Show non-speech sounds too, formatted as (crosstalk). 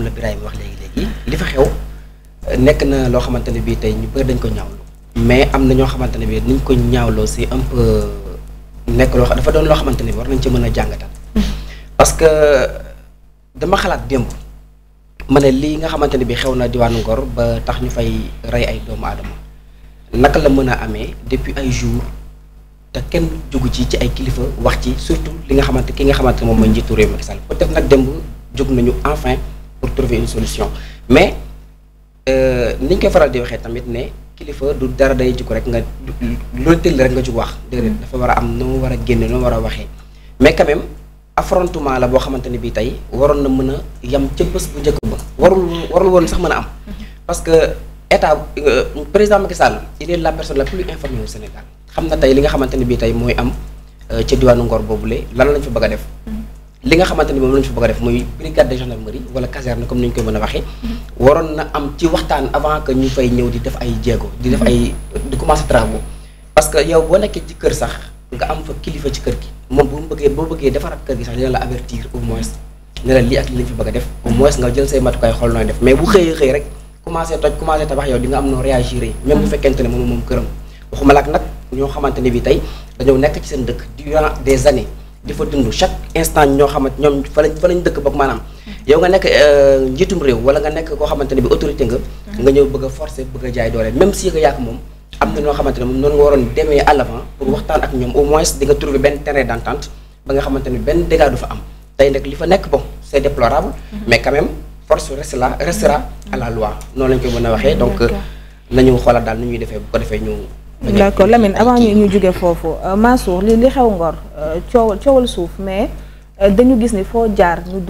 moom la Birahim wax léegi léegi li fa xew nekk na loo xamante ne bii tey ñu bëri dañ ko ñaawlu. mais am na ñoo xamante ne bii niñ ko ñaawloo si un peu nekk loo xam dafa loo xamante ne war nañ ci mën a jàngatal. (laughs) parce que dama xalaat démb ma ne lii nga xamante ne bii xew na diwaanu Ngor ba tax ñu fay rey ay doomu aadama naka la mën a amee depuis ay jour te kenn jógu ci ci ay kilifa wax ci surtout li nga xamante ki nga xamante moom mooy njiitu réew mi Macky Sall peut-être nag démb pour trouver une solution mais euh, ni ñu koy faral di waxee tamit ne kilifa du dara day jikko rek nga loolu tëll rek nga ci wax déedéet dafa war a am noo war a génne noo war a waxee mais quand même la boo xamante ne bii tey waroon na mën a yem ca bés bu njëkk ba warul warul woon sax mën a am parce que état euh, président Macky Sall il est la personne la plus informée au Sénégal xam na tey li nga xamante ne bii tey mooy am euh, ca diwaanu Ngor boobu boobule lan lañ fa bëgg a def mm-hmm. li nga xamante ni moom lañu fa bëgg a def muy brigade de gendarmerie wala caserne comme ni ñu koy mën a waxee. Mm-hmm. waroon na am ci waxtaan avant que ñu fay ñëw di def ay jéego. di def ay di commencer travaux. parce que yow boo nekkee ci kër sax nga am fa kilifa ci kër gi moom bu bëggee boo bëggee defaraat kër gi sax dina la avertir au moins ne la lii ak li ñu fi bëgg def. au nga jël say matukaay xool nooy def mais bu xëyee xëy rek commencer toj commencer tabax yow di nga am noo réagir même mm-hmm. fekkente ne moom moom këram waxuma la ak ñoo xamante ne bi tey dañoo nekk ci seen dëkk durant des années di fa dund chaque instant ñoo xamante ñoom fa lañ fa dëkk ba maanaam yow nga nekk euh, njiitum réew wala nga nekk koo xamante ne bi autorité nga mm-hmm. nga ñëw bëgg force forcer bëgg a jaay doole même si nga yàq moom am na ñoo xamante ne moom noonu nga waroon demee à l'avant pour mm-hmm. waxtaan ak ñoom au moins nga trouver benn terrain d'entente ba nga xamante ne benn dégât du fa am tey nag li fa nekk bon c'est déplorable mm-hmm. mais quand même force reste là restera la loi noonu lañ koy mën a waxee donc nañu xoolaat daal nu defee bu ko defee ñu d'accord Lamine avant ñu jóge foofu Mansour li li xew Ngor euh, coowal coowal suuf mais euh, dañu gis ni foo jaar ñu dugg